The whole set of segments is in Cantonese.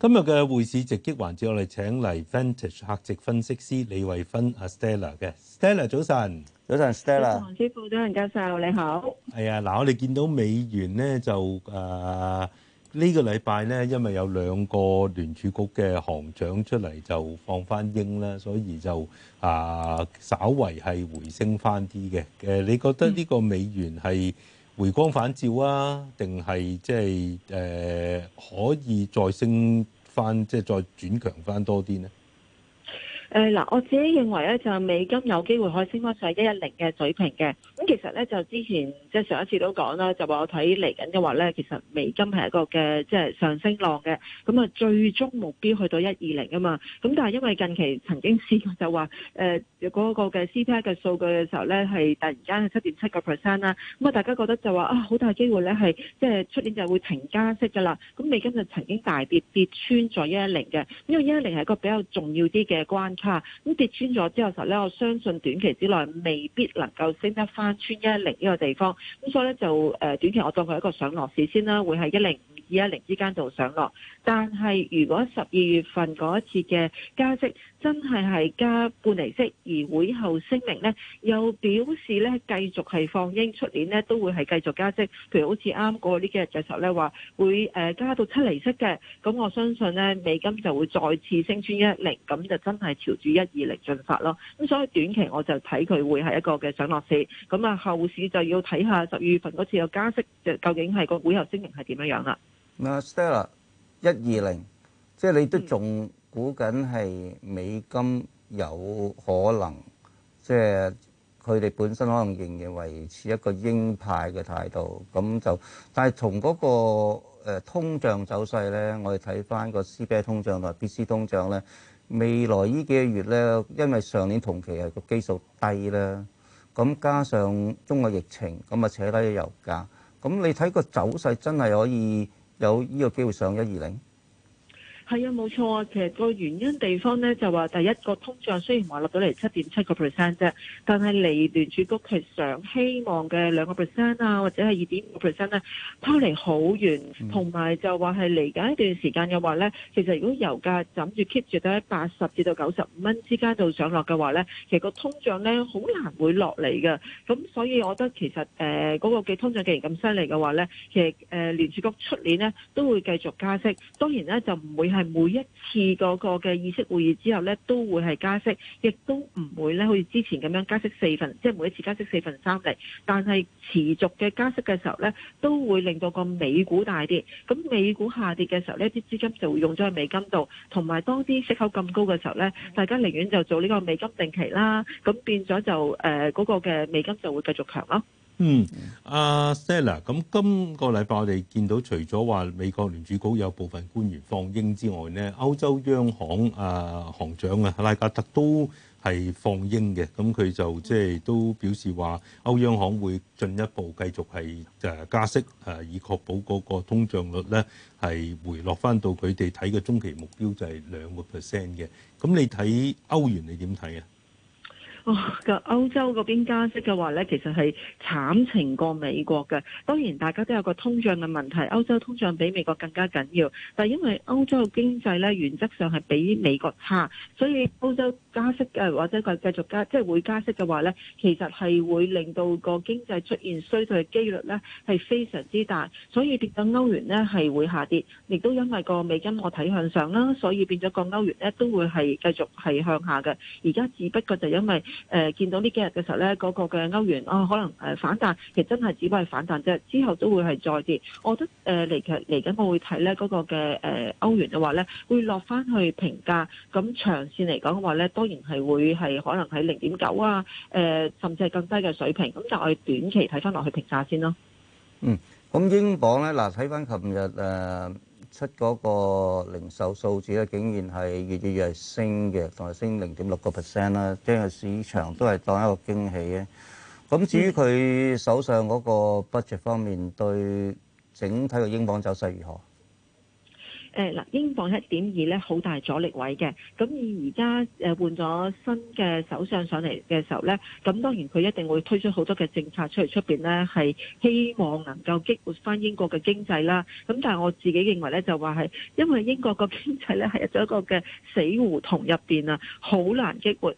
今日嘅匯市直擊環節，我哋請嚟 Vantage 客席分析師李慧芬阿 Stella 嘅，Stella 早晨，早晨 Stella 黃師傅，早晨教授你好。係啊，嗱我哋見到美元咧就誒呢個禮拜咧，因為有兩個聯儲局嘅行長出嚟就放翻鷹啦，所以就啊稍為係回升翻啲嘅。誒，你覺得呢個美元係？回光返照啊？定係即係誒可以再升翻，即係再轉強翻多啲咧？誒、嗯、嗱，我自己認為咧就係美金有機會可以升翻上一一零嘅水平嘅。咁其實咧就之前即係上一次都講啦，就我話我睇嚟緊嘅話咧，其實美金係一個嘅即係上升浪嘅。咁啊，最終目標去到一二零啊嘛。咁但係因為近期曾經試過就話誒嗰個嘅 CPI 嘅數據嘅時候咧，係突然間七點七個 percent 啦。咁啊，大家覺得就話啊，好大機會咧係即係出年就會停加息㗎啦。咁美金就曾經大跌跌跌穿咗一一零嘅，因為110一一零係一個比較重要啲嘅關。咁、啊、跌穿咗之後嘅時候咧，我相信短期之內未必能夠升得翻穿一零呢個地方，咁所以咧就誒短期我當佢一個上落市先啦，會係一零二一零之間度上落，但係如果十二月份嗰一次嘅加息真係係加半厘息，而會後聲明呢又表示呢繼續係放鷹，出年呢都會係繼續加息，譬如好似啱過呢幾日嘅時候呢話會誒加到七厘息嘅，咁我相信呢美金就會再次升穿一零，咁就真係朝住一二零進發咯。咁所以短期我就睇佢會係一個嘅上落市，咁啊後市就要睇下十二月份嗰次嘅加息就究竟係個會後聲明係點樣樣啦。嗱，Stella，一二零，即係你都仲估緊係美金有可能，即係佢哋本身可能仍然維持一個鷹派嘅態度咁就，但係從嗰個通脹走勢咧，我哋睇翻個 CPI 通脹同埋 PCE 通脹咧，未來呢幾個月咧，因為上年同期係個基數低啦，咁加上中國疫情，咁啊扯低啲油價，咁你睇個走勢真係可以。有呢個機會上一二零。係啊，冇錯啊。其實個原因地方咧就話，第一個通脹雖然話落到嚟七點七個 percent 啫，但係離聯儲局想希望嘅兩個 percent 啊，或者係二點五 percent 咧，拋離好遠。同、嗯、埋就話係嚟緊一段時間嘅話咧，其實如果油價枕住 keep 住都喺八十至到九十五蚊之間度上落嘅話咧，其實個通脹咧好難會落嚟嘅。咁所以我覺得其實誒嗰、呃那個嘅通脹既然咁犀利嘅話咧，其實誒、呃、聯儲局出年咧都會繼續加息。當然咧就唔會係。係每一次嗰個嘅議息會議之後呢，都會係加息，亦都唔會呢好似之前咁樣加息四分，即係每一次加息四分三厘。但係持續嘅加息嘅時候呢，都會令到個美股大跌。咁美股下跌嘅時候呢，啲資金就會用咗喺美金度，同埋當啲息口咁高嘅時候呢，大家寧願就做呢個美金定期啦。咁變咗就誒，嗰個嘅美金就會繼續強咯。嗯，阿 Sally，咁今個禮拜我哋見到除咗話美國聯儲局有部分官員放鷹之外呢，歐洲央行啊，行長啊，拉加特都係放鷹嘅。咁佢就即係、就係、都表示話歐央行會進一步繼續係加息，以確保嗰個通脹率咧係回落翻到佢哋睇嘅中期目標就係兩個 percent 嘅。咁你睇歐元你點睇啊？個 歐洲嗰邊加息嘅話呢，其實係慘情過美國嘅。當然大家都有個通脹嘅問題，歐洲通脹比美國更加緊要。但係因為歐洲嘅經濟呢，原則上係比美國差，所以歐洲加息嘅或者佢繼續加，即係會加息嘅話呢，其實係會令到個經濟出現衰退嘅機率呢係非常之大。所以變咗歐元呢係會下跌，亦都因為個美金我睇向上啦，所以變咗個歐元呢都會係繼續係向下嘅。而家只不過就因為誒、呃、見到呢幾日嘅時候咧，嗰、那個嘅歐元啊、哦，可能、呃、反彈，其實真係只不過係反彈啫，之後都會係再跌。我覺得嚟嚟緊，呃、我會睇咧嗰個嘅誒、呃、歐元嘅話咧，會落翻去平價。咁長線嚟講嘅話咧，當然係會係可能喺零點九啊，誒、呃、甚至係更低嘅水平。咁就我哋短期睇翻落去平價先咯。嗯，咁英鎊咧，嗱睇翻琴日誒。呃出嗰個零售數字咧，竟然係月月係升嘅，同埋升零點六個 percent 啦，即係市場都係當一個驚喜嘅。咁至於佢手上嗰個 budget 方面，對整體嘅英鎊走勢如何？英鎊一點二咧，好大阻力位嘅。咁而而家誒換咗新嘅首相上嚟嘅時候咧，咁當然佢一定會推出好多嘅政策出嚟出面咧，係希望能夠激活翻英國嘅經濟啦。咁但係我自己認為咧，就話係因為英國個經濟咧係入咗一個嘅死胡同入邊啊，好難激活。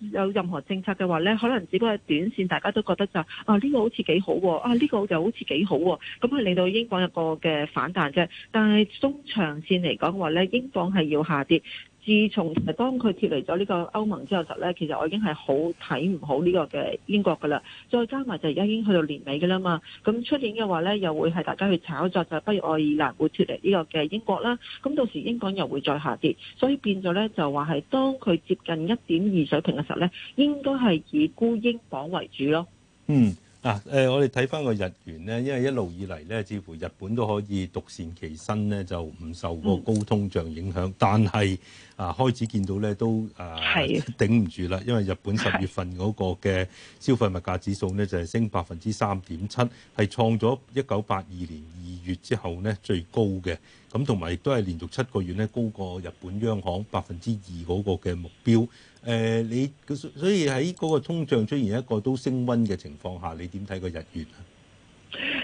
有任何政策嘅話呢，可能只不過係短線。大家都覺得就，啊呢個好似幾好喎，啊，啊呢個就好似幾好喎，咁佢令到英鎊有個嘅反彈啫。但係中長線嚟講話呢，英鎊係要下跌。自從當佢脱離咗呢個歐盟之後就呢，其實我已經係好睇唔好呢個嘅英國噶啦。再加埋就而家已經去到年尾噶啦嘛，咁出年嘅話呢，又會係大家去炒作就是、不如愛爾蘭會脱離呢個嘅英國啦。咁到時英鎊又會再下跌，所以變咗呢就話係當佢接近一點二水平嘅時候呢，應該係以沽英鎊為主咯。嗯。啊誒，我哋睇翻個日元咧，因為一路以嚟咧，似乎日本都可以獨善其身咧，就唔受個高通脹影響、嗯。但係啊，開始見到咧都誒頂唔住啦，因為日本十月份嗰個嘅消費物價指數咧就係、是、升百分之三點七，係創咗一九八二年。月之後咧最高嘅，咁同埋亦都係連續七個月咧高過日本央行百分之二嗰個嘅目標。誒、呃，你，所以喺嗰個通脹出現一個都升溫嘅情況下，你點睇個日元？啊？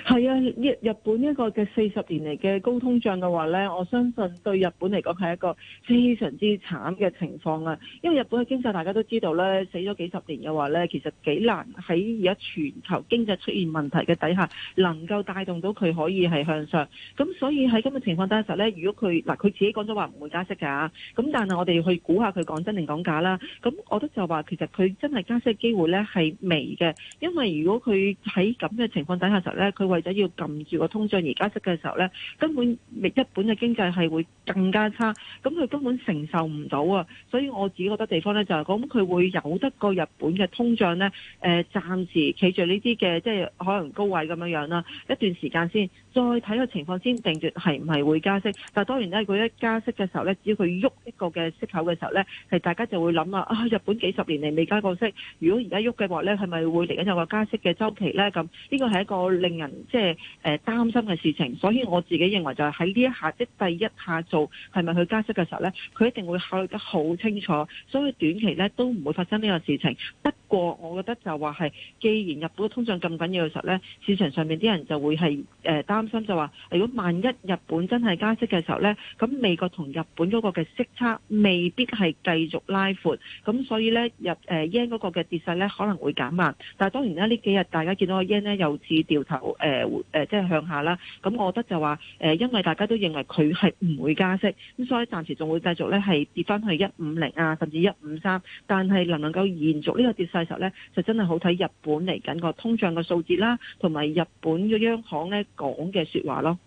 係啊，日日本一個嘅四十年嚟嘅高通脹嘅話呢，我相信對日本嚟講係一個非常之慘嘅情況啊！因為日本嘅經濟大家都知道呢，死咗幾十年嘅話呢，其實幾難喺而家全球經濟出現問題嘅底下，能夠帶動到佢可以係向上。咁所以喺咁嘅情況底下時候呢，如果佢嗱佢自己講咗話唔會加息㗎，咁但係我哋去估下佢講真定講假啦。咁我都就話其實佢真係加息嘅機會呢係微嘅，因為如果佢喺咁嘅情況底下時候呢。佢。為咗要撳住個通脹而加息嘅時候呢，根本日本嘅經濟係會更加差，咁佢根本承受唔到啊！所以我自己覺得地方呢、就係，就係咁，佢會有得個日本嘅通脹呢，誒、呃、暫時企住呢啲嘅即係可能高位咁樣樣啦，一段時間先，再睇個情況先定住係唔係會加息。但係當然呢，佢一加息嘅時候呢，只要佢喐一個嘅息口嘅時候呢，係大家就會諗啊，「啊，日本幾十年嚟未加過息，如果而家喐嘅話呢，係咪會嚟緊有個加息嘅周期呢？」咁呢個係一個令人。即係誒擔心嘅事情，所以我自己認為就係喺呢一下，即第一下做係咪去加息嘅時候呢，佢一定會考慮得好清楚，所以短期呢都唔會發生呢個事情。不過我覺得就話係，既然日本通脹咁緊要嘅時候呢，市場上面啲人就會係誒擔心，就話如果萬一日本真係加息嘅時候呢，咁美國同日本嗰個嘅息差未必係繼續拉闊，咁所以呢，日誒 yen 嗰個嘅跌勢呢可能會減慢。但係當然啦，呢幾日大家見到 yen 呢又似掉頭誒，誒，即係向下啦。咁我覺得就話，誒，因為大家都認為佢係唔會加息，咁所以暫時仲會繼續咧係跌翻去一五零啊，甚至一五三。但係能唔能夠延續呢個跌勢時候咧，就真係好睇日本嚟緊個通脹嘅數字啦，同埋日本嘅央行咧講嘅說話咯。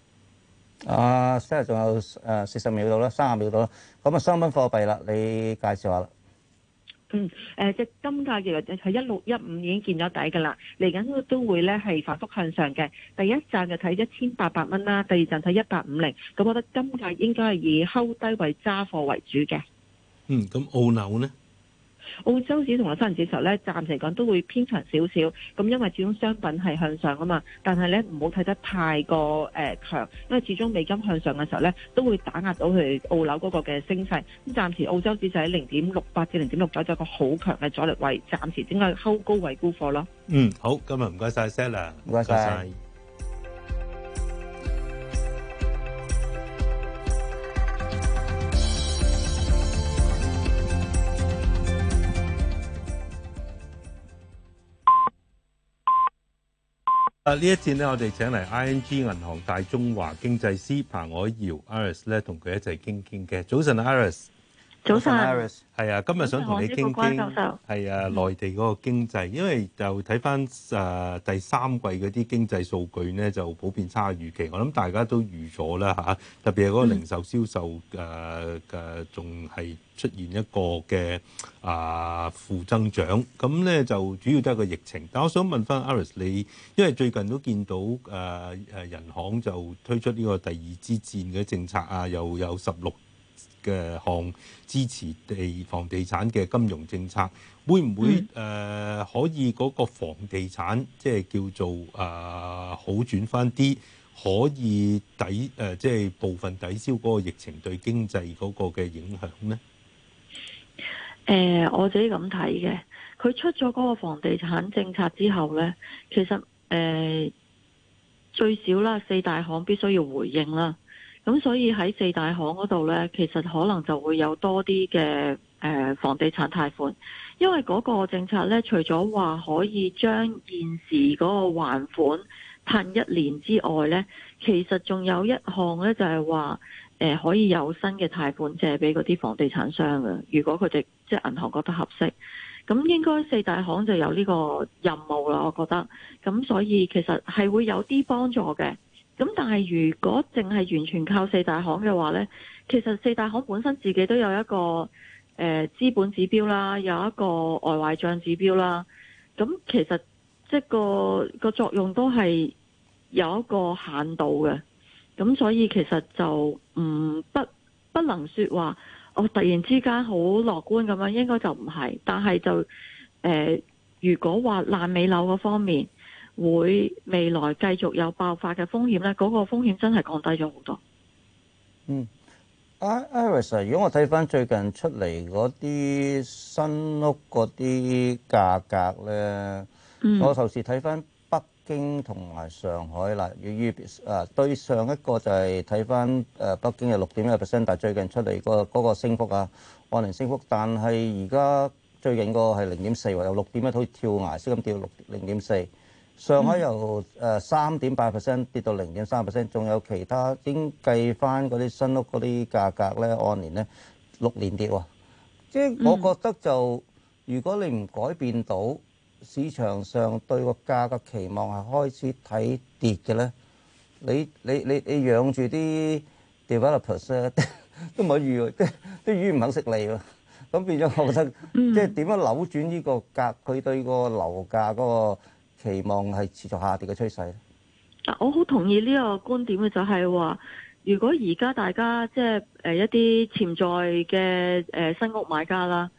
啊，即係仲有誒四十秒到啦，三十秒到啦。咁啊，商品貨幣啦，你介紹下啦。嗯，誒、呃，隻金價其實喺一六一五已經見咗底噶啦，嚟緊都都會咧係反覆向上嘅。第一站就睇一千八百蚊啦，第二站睇一八五零，咁我覺得金價應該係以候低位揸貨為主嘅。嗯，咁澳紐呢？澳洲市同埋新人市嘅時候咧，暫時嚟講都會偏強少少，咁因為始終商品係向上啊嘛，但係咧唔好睇得太過誒強，因為始終、呃、美金向上嘅時候咧，都會打壓到佢澳樓嗰個嘅升勢。咁暫時澳洲市0.68就喺零點六八至零點六九，有個好強嘅阻力位，暫時應該收高位沽貨咯。嗯，好，今日唔該晒 Sally 唔該晒。謝謝啊！呢一次我哋請嚟 ING 銀行大中華經濟師彭藹嬈 Iris 同佢一齊傾傾嘅。早晨，Iris 早晨、啊，係啊，啊，今日想同你傾傾、啊，係啊，啊，內地嗰個經濟、嗯，因為就睇翻誒第三季嗰啲經濟數據咧，就普遍差預期。我諗大家都預咗啦嚇，特別係嗰個零售銷售誒誒，仲、嗯、係、啊、出現一個嘅啊負增長。咁咧就主要都係個疫情。但我想問翻 Aris，你因為最近都見到誒誒、啊啊、人行就推出呢個第二支箭嘅政策啊，又，又有十六，嘅項支持地房地產嘅金融政策，會唔會誒、嗯呃、可以嗰個房地產即係、就是、叫做誒、呃、好轉翻啲，可以抵誒即係部分抵消嗰個疫情對經濟嗰個嘅影響呢？誒、呃，我自己咁睇嘅，佢出咗嗰個房地產政策之後呢，其實誒、呃、最少啦，四大行必須要回應啦。咁所以喺四大行嗰度咧，其實可能就會有多啲嘅誒房地產貸款，因為嗰個政策咧，除咗話可以將現時嗰個還款延一年之外咧，其實仲有一項咧，就係話誒可以有新嘅貸款借俾嗰啲房地產商嘅。如果佢哋即係銀行覺得合適，咁應該四大行就有呢個任務啦。我覺得，咁所以其實係會有啲幫助嘅。咁但係如果淨係完全靠四大行嘅話呢，其實四大行本身自己都有一個誒、呃、資本指標啦，有一個外壞賬指標啦。咁其實即係、個個作用都係有一個限度嘅。咁所以其實就唔不不，不能說話。我、哦、突然之間好樂觀咁樣，應該就唔係。但係就誒、呃，如果話爛尾樓嗰方面。會未來繼續有爆發嘅風險咧，嗰、嗰個風險真係降低咗好多嗯。嗯 Iris 如果我睇翻最近出嚟嗰啲新屋嗰啲價格咧、嗯，我頭先睇翻北京同埋上海嗱，於於誒對上一個就係睇翻誒北京嘅六點一 percent，但係最近出嚟個嗰個升幅啊，按年升幅，但係而家最近個係零點四喎，有六點一好似跳崖式咁跌到六零點四。上海由誒三點八 percent 跌到零點三 percent，仲有其他，已經計翻嗰啲新屋嗰啲價格咧，按年咧六年跌喎，即係我覺得就如果你唔改變到市場上對個價嘅期望係開始睇跌嘅咧，你你你你養住啲 developers 都唔可以喎，啲魚唔肯食脷喎，咁變咗我覺得即係點樣扭轉呢個價，佢對個樓價嗰個。期望係持續下跌嘅趨勢。我好同意呢個觀點嘅，就係話，如果而家大家即係一啲潛在嘅誒新屋買家啦，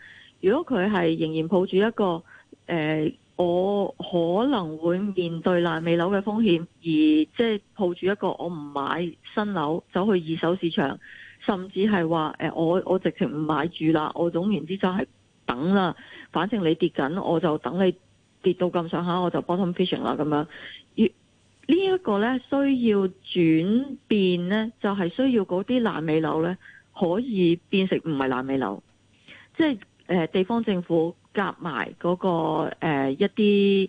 如果佢係仍然抱住一個誒，我可能會面對爛尾樓嘅風險，而即係抱住一個我唔買新樓，走去二手市場，甚至係話誒，我我直情唔買住啦，我總言之就係等啦，反正你跌緊，我就等你。跌到咁上下，我就 bottom fishing 啦。咁樣，這個、呢一個咧需要轉變咧，就係、是、需要嗰啲爛尾樓咧可以變成唔係爛尾樓，即係誒、呃、地方政府夾埋嗰個、呃、一啲誒、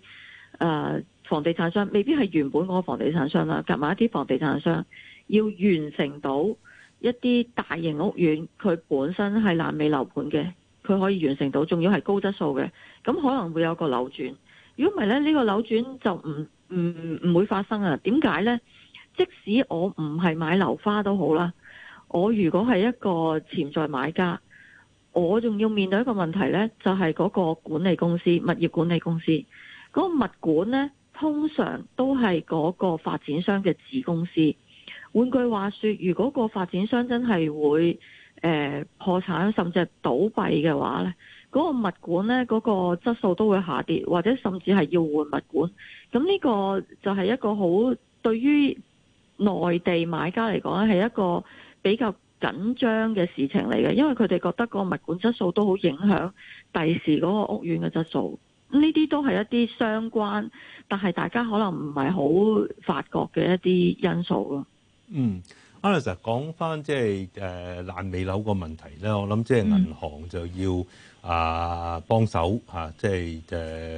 呃、房地產商，未必係原本嗰個房地產商啦，夾埋一啲房地產商，要完成到一啲大型屋苑，佢本身係爛尾樓盤嘅，佢可以完成到，仲要係高質素嘅，咁可能會有一個流轉。如果唔係咧，呢個扭轉就唔唔唔會發生啊？點解呢？即使我唔係買樓花都好啦，我如果係一個潛在買家，我仲要面對一個問題呢，就係嗰個管理公司、物業管理公司嗰個物管呢，通常都係嗰個發展商嘅子公司。換句話說，如果個發展商真係會誒破產，甚至係倒閉嘅話呢。嗰個物管呢，嗰個質素都會下跌，或者甚至係要換物管。咁呢個就係一個好對於內地買家嚟講呢係一個比較緊張嘅事情嚟嘅，因為佢哋覺得個物管質素都好影響第時嗰個屋苑嘅質素。呢啲都係一啲相關，但係大家可能唔係好發覺嘅一啲因素咯。嗯，阿 l e 講翻即係誒爛尾樓個問題呢，我諗即係銀行就要。啊，幫手嚇，即係誒、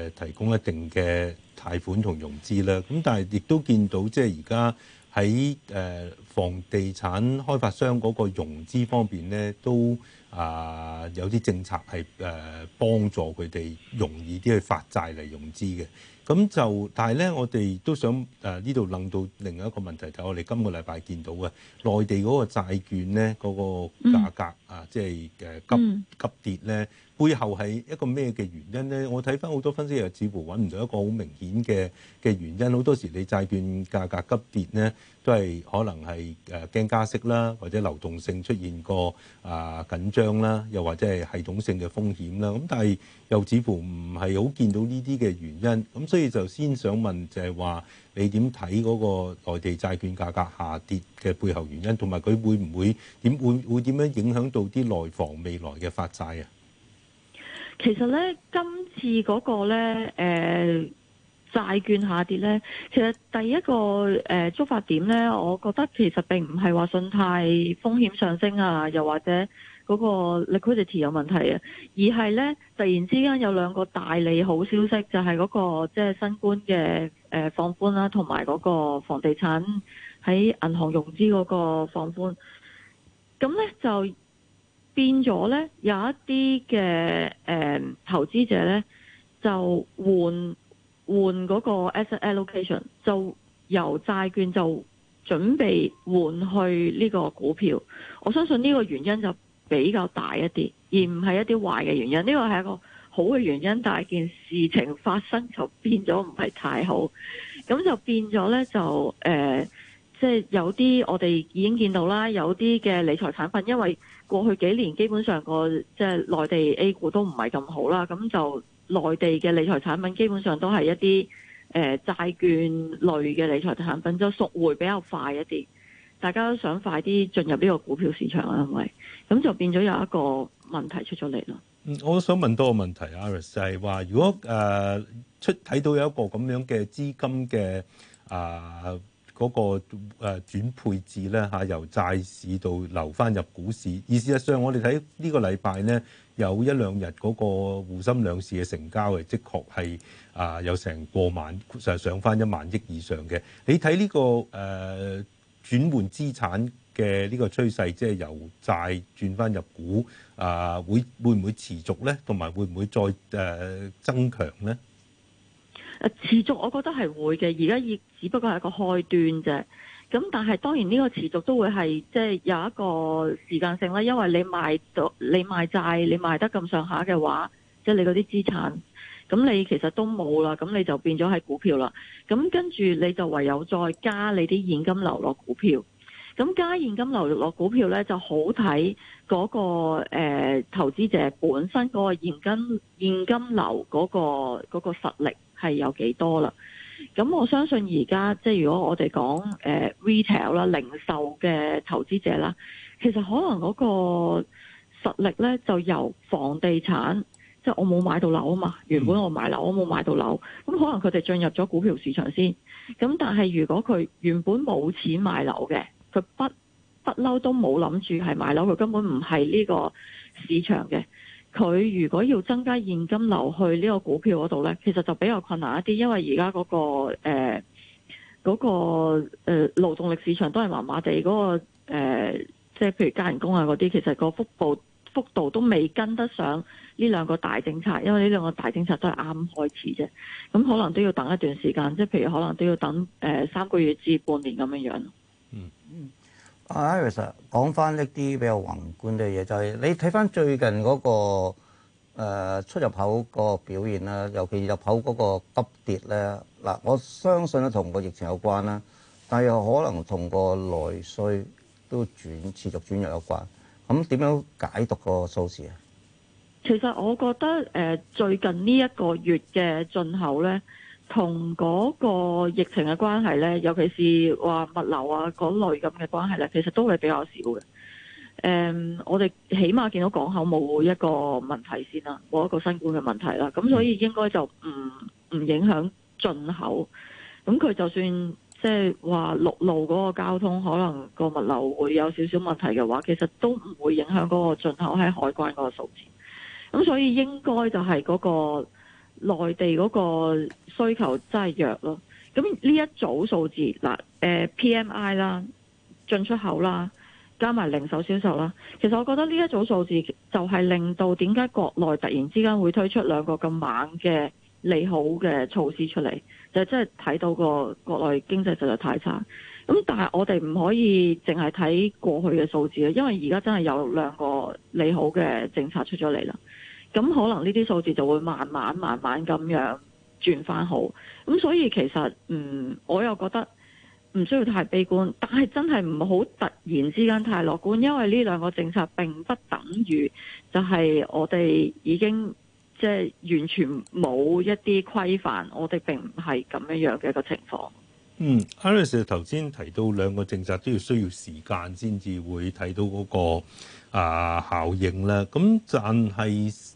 啊、提供一定嘅貸款同融資啦。咁、啊、但係亦都見到，即係而家喺誒房地產開發商嗰個融資方面咧，都。啊，有啲政策係誒幫助佢哋容易啲去發債嚟融資嘅，咁就但係咧，我哋都想誒呢度諗到另一個問題，就係我哋今個禮拜見到嘅內地嗰個債券咧嗰個價格啊，即係誒急急跌咧，背後係一個咩嘅原因咧？我睇翻好多分析又似乎揾唔到一個好明顯嘅嘅原因，好多時你債券價格急跌咧，都係可能係誒驚加息啦，或者流動性出現過啊緊張。啦，又或者係系統性嘅風險啦，咁但係又似乎唔係好見到呢啲嘅原因，咁所以就先想問，就係話你點睇嗰個內地債券價格下跌嘅背後原因，同埋佢會唔會點會會點樣影響到啲內房未來嘅發債啊？其實呢，今次嗰個呢，誒，債券下跌呢，其實第一個誒觸發點呢，我覺得其實並唔係話信貸風險上升啊，又或者。嗰個 liquidity 有問題啊，而係呢，突然之間有兩個大利好消息，就係嗰個即係新冠嘅誒放寬啦，同埋嗰個房地產喺銀行融資嗰個放寬。咁呢，就變咗呢，有一啲嘅誒投資者呢，就換換嗰個 asset allocation，就由債券就準備換去呢個股票。我相信呢個原因就比較大一啲，而唔係一啲壞嘅原因。呢個係一個好嘅原因，但係件事情發生就變咗唔係太好。咁就變咗呢，就誒，即、呃、係、就是、有啲我哋已經見到啦，有啲嘅理財產品，因為過去幾年基本上個即係內地 A 股都唔係咁好啦，咁就內地嘅理財產品基本上都係一啲債、呃、債券類嘅理財產品，就贖回比較快一啲。大家都想快啲進入呢個股票市場啊，係咪？咁就變咗有一個問題出咗嚟咯。嗯，我想問多個問題，Aris 係話，如果誒、呃、出睇到有一個咁樣嘅資金嘅啊嗰個誒、呃、轉配置咧嚇、呃，由債市度流翻入股市。而事實上我們看這，我哋睇呢個禮拜咧有一兩日嗰個滬深兩市嘅成交嘅，即確係啊有成過萬，就上翻一萬億以上嘅。你睇呢、這個誒？呃轉換資產嘅呢個趨勢，即係由債轉翻入股，啊，會會唔會持續咧？同埋會唔會再誒增強咧？誒持續，我覺得係會嘅。而家亦只不過係一個開端啫。咁但係當然呢個持續都會係即係有一個時間性啦。因為你賣到你賣債，你賣得咁上下嘅話，即係你嗰啲資產。咁你其實都冇啦，咁你就變咗係股票啦。咁跟住你就唯有再加你啲現金流落股票。咁加現金流落股票呢，就好睇嗰個、呃、投資者本身嗰個現金現金流嗰個嗰個實力係有幾多啦。咁我相信而家即係如果我哋講誒 retail 啦，零售嘅投資者啦，其實可能嗰個實力呢，就由房地產。即係我冇買到樓啊嘛，原本我買樓，我冇買到樓，咁可能佢哋進入咗股票市場先。咁但係如果佢原本冇錢買樓嘅，佢不不嬲都冇諗住係買樓，佢根本唔係呢個市場嘅。佢如果要增加現金流去呢個股票嗰度呢，其實就比較困難一啲，因為而家嗰個誒嗰個誒勞動力市場都係麻麻地，嗰個誒即係譬如加人工啊嗰啲，其實個幅度幅度都未跟得上呢兩個大政策，因為呢兩個大政策都係啱開始啫，咁可能都要等一段時間，即係譬如可能都要等誒三個月至半年咁樣樣。嗯嗯，啊 Iris 講翻一啲比較宏觀嘅嘢，就係你睇翻最近嗰個誒出入口個表現啦，尤其入口嗰個急跌咧，嗱我相信咧同個疫情有關啦，但又可能同個內需都轉持續轉弱有關。咁點樣解讀個數字啊？其實我覺得誒、呃、最近呢一個月嘅進口咧，同嗰個疫情嘅關係咧，尤其是話物流啊嗰類咁嘅關係咧，其實都係比較少嘅。誒、嗯，我哋起碼見到港口冇一個問題先啦，冇一個新冠嘅問題啦，咁所以應該就唔唔影響進口。咁佢就算。即係話陸路嗰個交通可能個物流會有少少問題嘅話，其實都唔會影響嗰個進口喺海關嗰個數字。咁所以應該就係嗰個內地嗰個需求真係弱咯。咁呢一組數字嗱，誒、呃、PMI 啦、進出口啦、加埋零售銷售啦，其實我覺得呢一組數字就係令到點解國內突然之間會推出兩個咁猛嘅利好嘅措施出嚟。就真係睇到個國內經濟實在太差，咁但係我哋唔可以淨係睇過去嘅數字啊，因為而家真係有兩個利好嘅政策出咗嚟啦，咁可能呢啲數字就會慢慢慢慢咁樣轉返好，咁所以其實嗯，我又覺得唔需要太悲觀，但係真係唔好突然之間太樂觀，因為呢兩個政策並不等於就係我哋已經。即係完全冇一啲規範，我哋並唔係咁樣樣嘅一個情況。嗯，Iris 頭先提到兩個政策都要需要時間先至會睇到嗰個啊效應咧。咁但係誒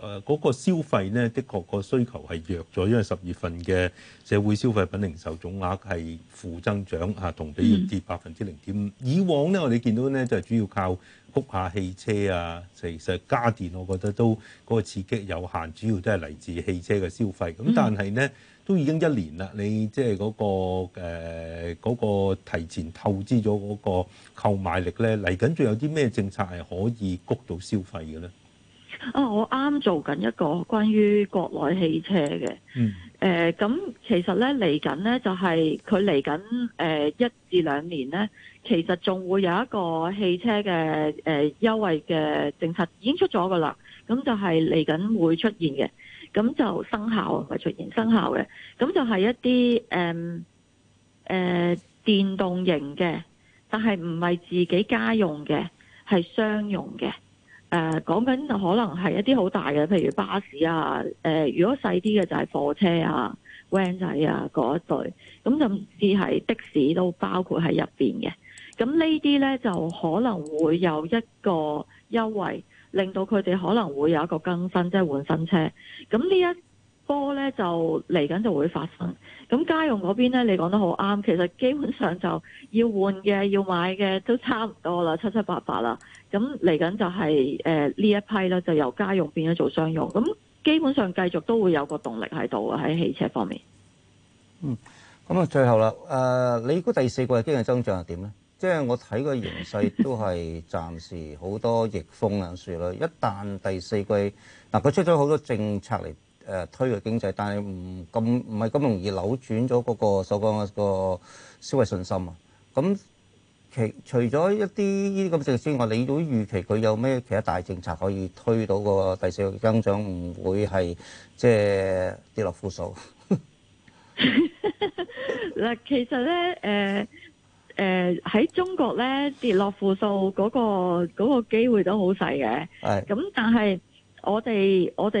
誒嗰個消費咧，的確個需求係弱咗，因為十月份嘅社會消費品零售總額係負增長啊，同比跌百分之零點五。以往咧，我哋見到咧就係主要靠。谷下汽車啊，其實家電我覺得都嗰個刺激有限，主要都係嚟自汽車嘅消費。咁但係咧，都已經一年啦。你即係嗰個誒嗰個提前透支咗嗰個購買力咧，嚟緊仲有啲咩政策係可以谷到消費嘅咧？啊、哦！我啱做緊一個關於國內汽車嘅，誒、嗯，咁、呃、其實咧嚟緊咧就係佢嚟緊，誒、呃，一至兩年咧，其實仲會有一個汽車嘅誒優惠嘅政策已經出咗噶啦，咁就係嚟緊會出現嘅，咁就生效唔係出現生效嘅，咁就係一啲誒誒電動型嘅，但係唔係自己家用嘅，係商用嘅。誒講緊可能係一啲好大嘅，譬如巴士啊，誒、呃、如果細啲嘅就係貨車啊、van 仔啊嗰一對，咁就唔知係的士都包括喺入邊嘅。咁呢啲呢，就可能會有一個優惠，令到佢哋可能會有一個更新，即係換新車。咁呢一波呢，就嚟緊就會發生。咁家用嗰邊呢，你講得好啱，其實基本上就要換嘅、要買嘅都差唔多啦，七七八八啦。咁嚟緊就係誒呢一批咧，就由家用變咗做商用。咁基本上繼續都會有個動力喺度喺汽車方面。嗯，咁啊最後啦，誒，你估第四季嘅經濟增長係點咧？即係我睇個形勢都係暫時好多逆風因素啦。 一旦第四季，嗱佢出咗好多政策嚟誒推嘅經濟，但係唔咁唔係咁容易扭轉咗嗰個所講個消費信心啊。咁其除咗一啲呢啲咁嘅措施外，你有啲預期佢有咩其他大政策可以推到個第四季增長唔會係即係跌落負數？嗱， 其實咧，誒誒喺中國咧跌落負數嗰個嗰、嗰個機會都好細嘅。係。咁但係我哋我哋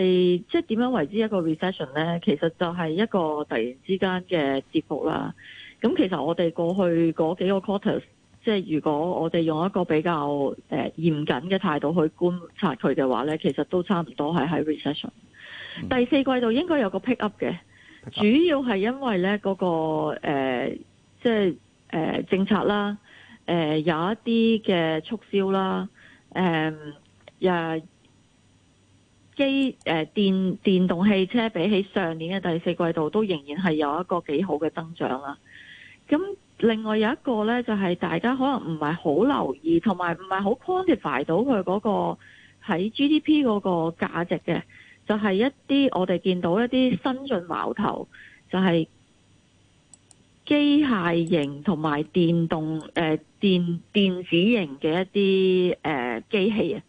即係點樣為之一個 recession 咧？其實就係一個突然之間嘅跌幅啦。咁其實我哋過去嗰幾個 quarters。即係如果我哋用一個比較誒嚴謹嘅態度去觀察佢嘅話咧，其實都差唔多係喺 recession。第四季度應該有個 pick up 嘅，up. 主要係因為咧、那、嗰個誒即係誒政策啦，誒、呃、有一啲嘅促銷啦，誒、呃呃、電機誒電電動汽車比起上年嘅第四季度都仍然係有一個幾好嘅增長啦。咁、嗯另外有一個呢，就係、是、大家可能唔係好留意，同埋唔係好 quantify 到佢嗰個喺 GDP 嗰個價值嘅，就係、是、一啲我哋見到一啲新進苗頭，就係、是、機械型同埋電動、呃、電、電子型嘅一啲、呃、機器啊。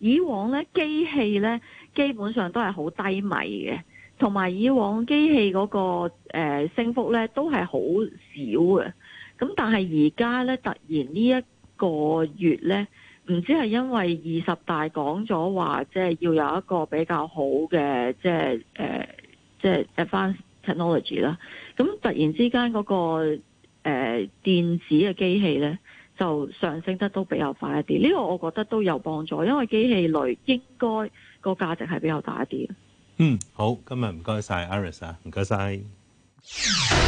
以往呢，機器呢基本上都係好低迷嘅。同埋以往機器嗰個誒升幅咧，都係好少嘅。咁但係而家咧，突然呢一個月咧，唔知係因為二十大講咗話，即係要有一個比較好嘅，即係誒，即係 advanced technology 啦。咁突然之間嗰個誒電子嘅機器咧，就上升得都比較快一啲。呢個我覺得都有幫助，因為機器類應該個價值係比較大一啲。嗯，好，今日唔該晒，Iris 啊，唔該晒。